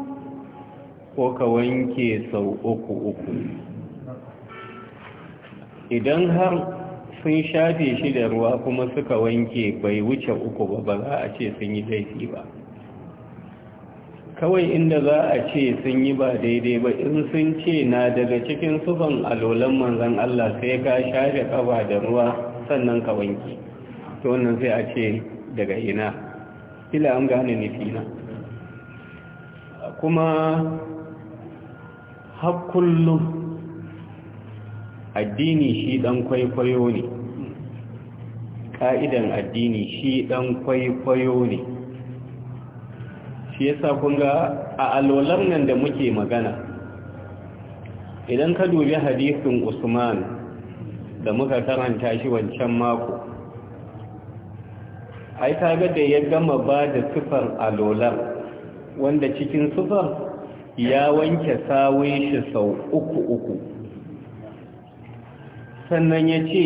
ko ka wanke sau uku uku idan har sun shafe shi da ruwa kuma suka wanke bai wuce uku ba ba za a ce sun yi laifi ba kawai inda za a ce sun yi ba daidai ba in sun ce na daga cikin sufan alolan manzan Allah sai ka shafe kaba da ruwa sannan ka wanke to wannan sai a ce daga ina kila an gane nufina kuma har addini shi dan kwaikwayo ne ka'idan addini shi dan kwaikwayo ne shi yasa kun ga a alwalar nan da muke magana idan ka dubi hadisin usman da muka karanta shi wancan mako ai kaga da ya gama ba da sifar alolar wanda cikin sifar ya wanke sawun shi sau uku uku sannan ya ce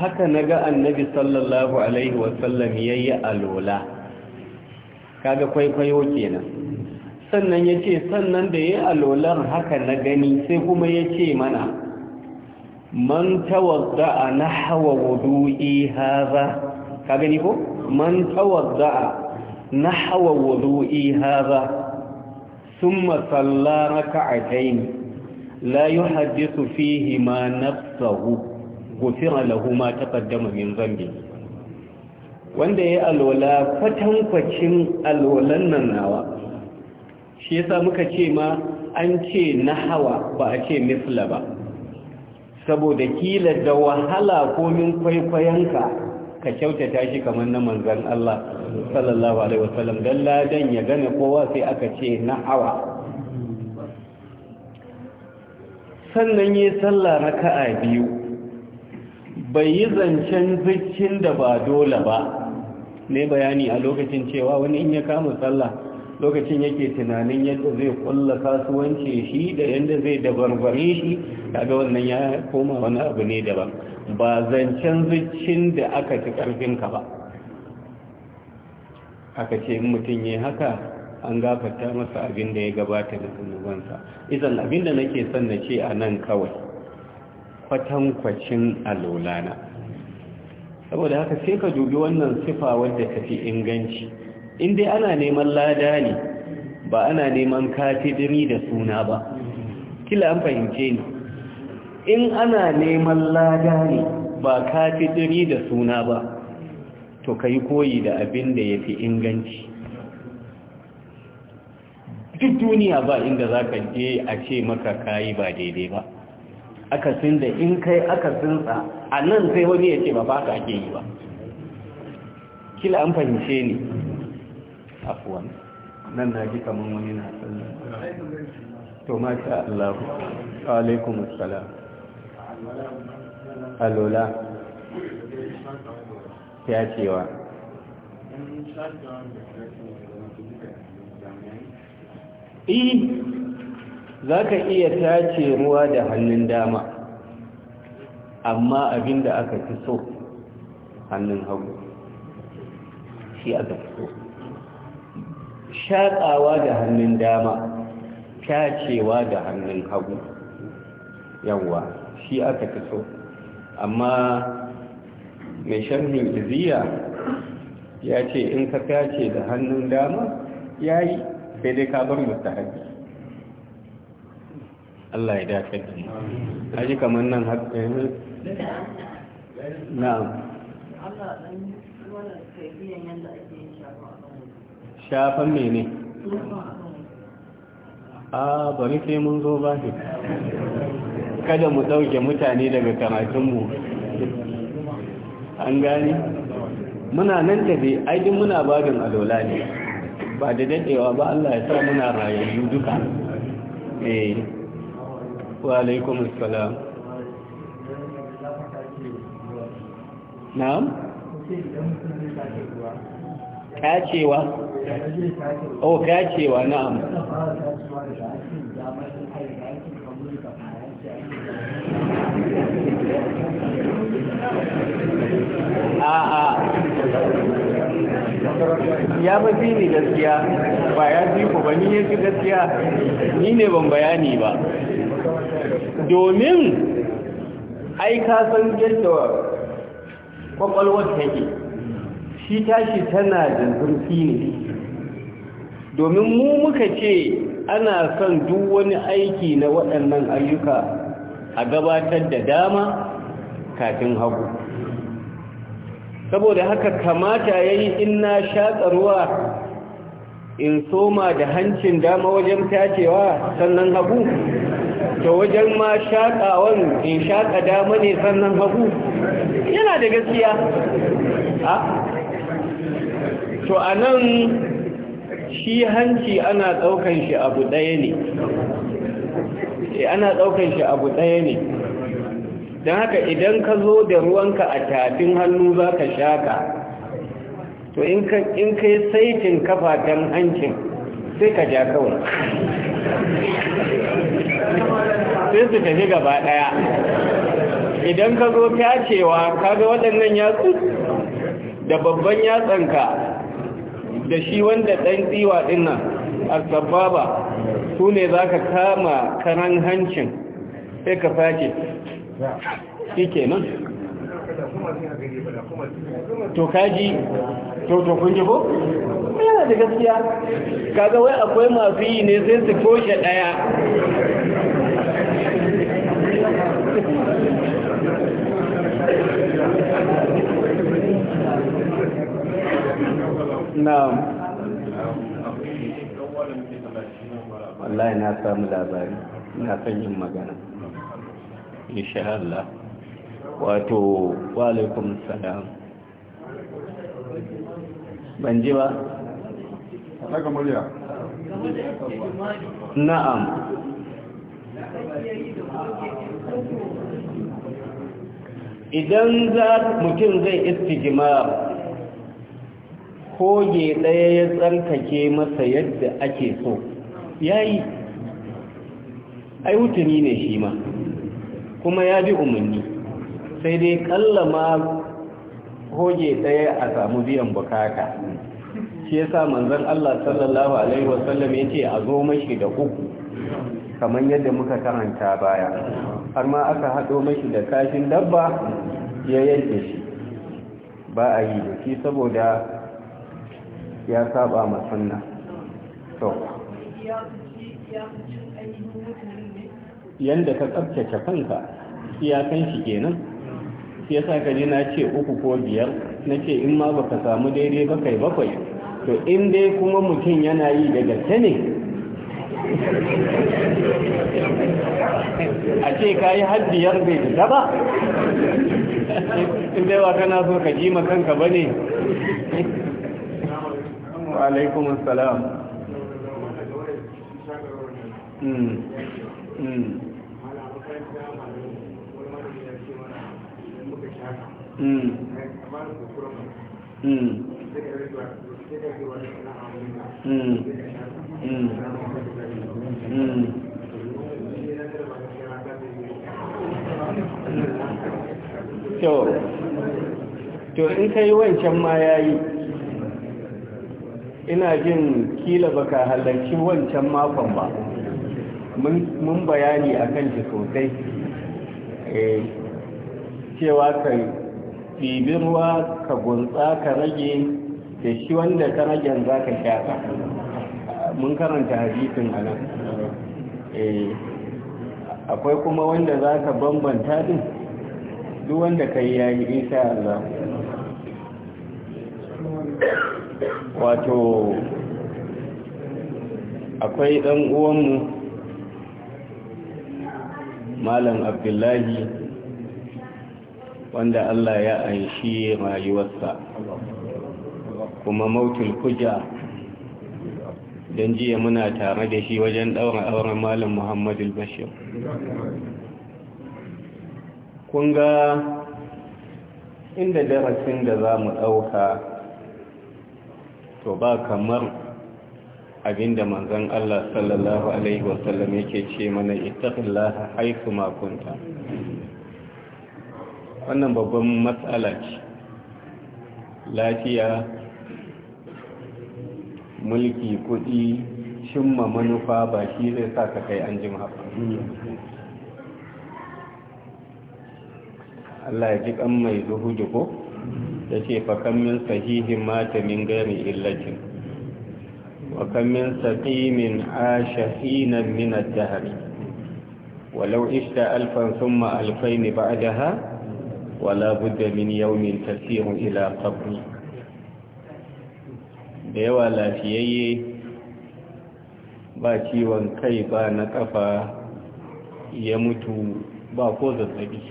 haka na ga annabi sallallahu alaihi wasallam ya yi alola kaga kwaikwayo kenan sannan ya ce sannan da ya yi alolar haka na gani sai kuma ya ce mana man tawadda a na hawa wudu'i haza ka gani ko man tawadda a na hawa wudu'i haza ثم صلى ركعتين لا يحدث فيهما نفسه غفر له ما تقدم من ذنبه wanda ya alwala kwatankwacin alwalan nan nawa shi yasa muka ce ma an ce na hawa ba a ce misla ba saboda kila da wahala komin kwaikwayonka. ka kyautata shi kamar na manzan Allah sallallahu alaihi wasallam dan ladan ya gane kowa sai aka ce na hawa sannan yi sallah raka'a biyu bai yi zancen zikin da ba dole ba ne bayani a lokacin cewa wani in ya kama sallah lokacin yake tunanin yadda zai kulla kasuwanci shi da yadda zai dabarbare shi ga wannan ya koma wani abu ne daban ba zancen zuccin da aka ci karfinka ba aka ce mutum ya haka an gafata masa abin da ya gabata da sunubansa izan abin da nake son na ce a nan kawai kwatankwacin alolana saboda haka sai ka dubi wannan sifa wadda ka fi inganci in dai ana neman lada ne ba ana neman katidiri da suna ba kila an fahimce ni in ana neman lada ne ba katidiri da suna ba to kai koyi da abin da ya fi inganci duk duniya ba inda za ka je a ce maka kayi ba daidai ba akasin da in kai akasin tsa a nan sai wani ya ce ba ba ka ake yi ba kila an fahimce ni afuwan nan na ji kamar wani na sallan to sha Allah alaikum assalam alola ya cewa i eh, za ka iya tace ruwa da hannun dama amma abinda aka fi so hannun hagu shi aka fi so shaƙawa da hannun dama kyacewa da hannun hagu yawwa shi aka fi so amma mai shamhin iziya ya ce in ka kyace da hannun dama ya yi sai dai ka bar mustahabi Allah ya dace da mu ji kamar nan ne eh, eh. na'am Allah shafan mene a bari sai mun zo ba shi kada mu dauke mutane daga karatunmu an gani muna nan tafi Aikin muna bagin alola ne ba da daddewa ba Allah ya sa muna rayayyu duka eh wa alaikum assalam na'am kacewa oh kacewa na'am a'a ya ba fi ni gaskiya ba ya fi ku ba ni ya fi gaskiya ni ne ban bayani ba domin ai ka san gaskiya kwakwalwar take shi tashi tana da zurfi ne domin mu muka ce ana son duk wani aiki na waɗannan ayyuka a gabatar da dama kafin hagu saboda haka kamata ya yi ina shatsarwa in soma da hancin dama wajen tacewa sannan hagu ta wajen ma shaƙawan in shaƙa dama ne sannan hagu yana da gaskiya ah, to a nan shi hanci ana ɗaukan shi abu ɗaya ne eh, ana ɗaukan shi abu ɗaya ne don haka idan ka zo da ruwanka a tafin hannu za ka ka, to in ka yi saitin kafatan hancin sai ka ja kawai sai su tafi gaba ɗaya idan ka zo ka kaga waɗannan yatsu da babban yatsanka da shi wanda ɗan tsiwa ɗin nan sune sababa su ne za ka kama karan hancin sai ka fashe shi ke nan to kaji to to ko? yana da gaskiya kaga wai akwai masu yi ne sai su koshe ɗaya na'am wallahi na samu labari na son yin magana insha Allah wato wa alaikum salam ban ji ba Saka murya na'am idan za mutum zai istijmar koge ɗaya ya tsarkake masa yadda ake so ya yi aiwutuni ne shi ma kuma ya bi umarni sai dai kallama koge ɗaya a samu biyan bukata shi ya sa manzan Allah sallallahu Alaihi wasallam ya ce a zo mashi da uku kamar yadda muka karanta baya har ma aka haɗo mashi da kashin dabba ya yanke shi ba a yi da shi saboda ya saba ma sunna to yanda ka tsabtace kanka iyakan shi kenan shi yasa ka ji na ce uku ko biyar na ce in ma baka samu daidai ba bakwai to in dai kuma mutum yana yi da gaske ne a ce ka yi har biyar bai fita ba in dai wa kana so ka ji ma kanka ba ne alaikum salam. Hmm. Hmm. Hmm. to in ka yi wancan ma ya yi ina jin kila baka halarci wancan makon ba mun bayani a kan shi sosai eh, cewa ka ɗibi ruwa ka gunsa ka rage da shi wanda ka ragen za ka shafa mun karanta hadisin a nan eh, akwai kuma wanda za ka bambanta din duk wanda ka yi yayi insha Allah wato akwai ɗan uwanmu malam abdullahi wanda Allah ya anshi rayuwarsa kuma mautul kuja don jiya muna tare da shi wajen ɗaura auren malam muhammadu bashir kun ga inda darasin da za mu ɗauka to ba kamar abinda manzon Allah sallallahu alaihi wasallam yake ce mana ittaqillaha haifu ma wannan babban matsala ce lafiya mulki kudi cimma manufa ba shi zai sa ka kai an jima ba Allah ya ji ƙan mai zuhu ko ya ce fakan min sahihin mata min gari illacin wakan min saƙimin a shahinan minar jihar walau ishta alfan sun ma'alfai ne ba a daha wala budda min yaumin tasirin ila kabri da yawa lafiyayye ba ciwon kai ba na kafa ya mutu ba ko zazzabi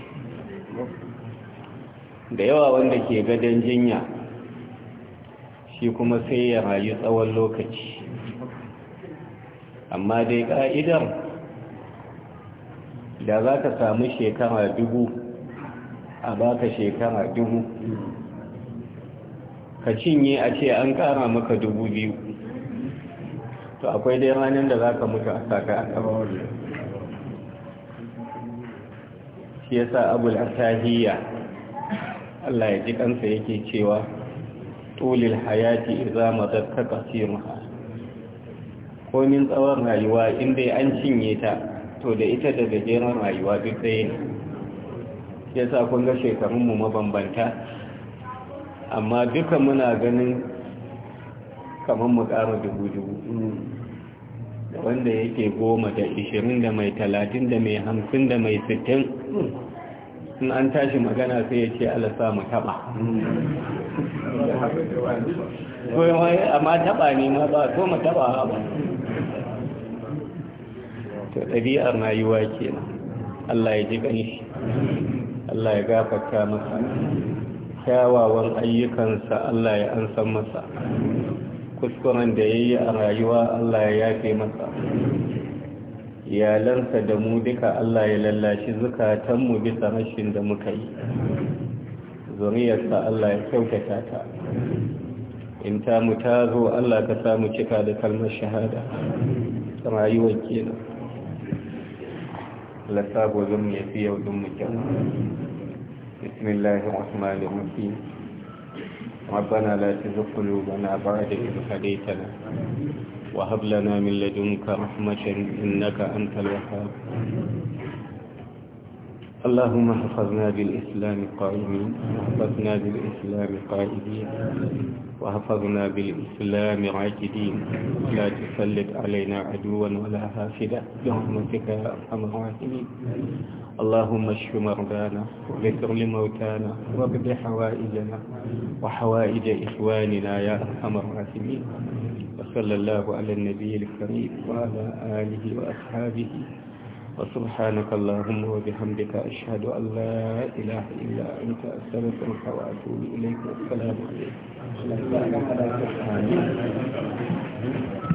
da yawa wanda ke gadon jinya shi kuma sai ya rayu tsawon lokaci amma dai ka'idar da za ka samu shekara dubu a baka shekara dubu ka cinye a ce an kara maka dubu biyu to akwai dai ranar da za ka mutu a saka a gaba shi ya yasa abul asahiyya Allah ya ji kansa yake cewa tulil hayati idza madakka Ko min tsawon rayuwa in inda an cinye ta to da ita daga gajeren rayuwa duk ɗaya ne ya sa kun ga shekarunmu mabambanta amma duka muna ganin kamar mu ƙara dubu-dubu da wanda yake goma da ishirin da mai talatin da mai hamsin da mai sittin in an tashi magana sai ya ce alasa mu taba amma taba ne ma ba so mu taba ba to ɗabi'ar rayuwa na Allah ya ji ƙanshi Allah ya gafarta masa kyawawan ayyukansa Allah ya ansa masa kuskuren da ya yi a rayuwa Allah ya yafe masa iyalansa da mu duka Allah ya lallashi mu bisa rashin da muka yi zuriyarsa Allah ya kyautata ta in ta mu ta zo Allah ka samu cika da kalmar shahada rayuwar kenan lasabo sabo zan ya fi yau din mutum bismillahir rahmanir rahim ربنا لا تزغ قلوبنا بعد إذ هديتنا وهب لنا من لدنك رحمة إنك أنت الوهاب اللهم احفظنا بالإسلام قائمين واحفظنا بالإسلام قائدين وحفظنا بالإسلام عاجدين لا تسلط علينا عدوا ولا هافدا برحمتك يا أرحم الراحمين اللهم اشف مرضانا واغفر لموتانا وارض حوائجنا وحوائج إخواننا يا أرحم الراحمين وصلى الله على النبي الكريم وعلى آله وأصحابه وسبحانك اللهم وبحمدك أشهد أن لا إله إلا أنت أستغفرك وأتوب إليك والسلام عليكم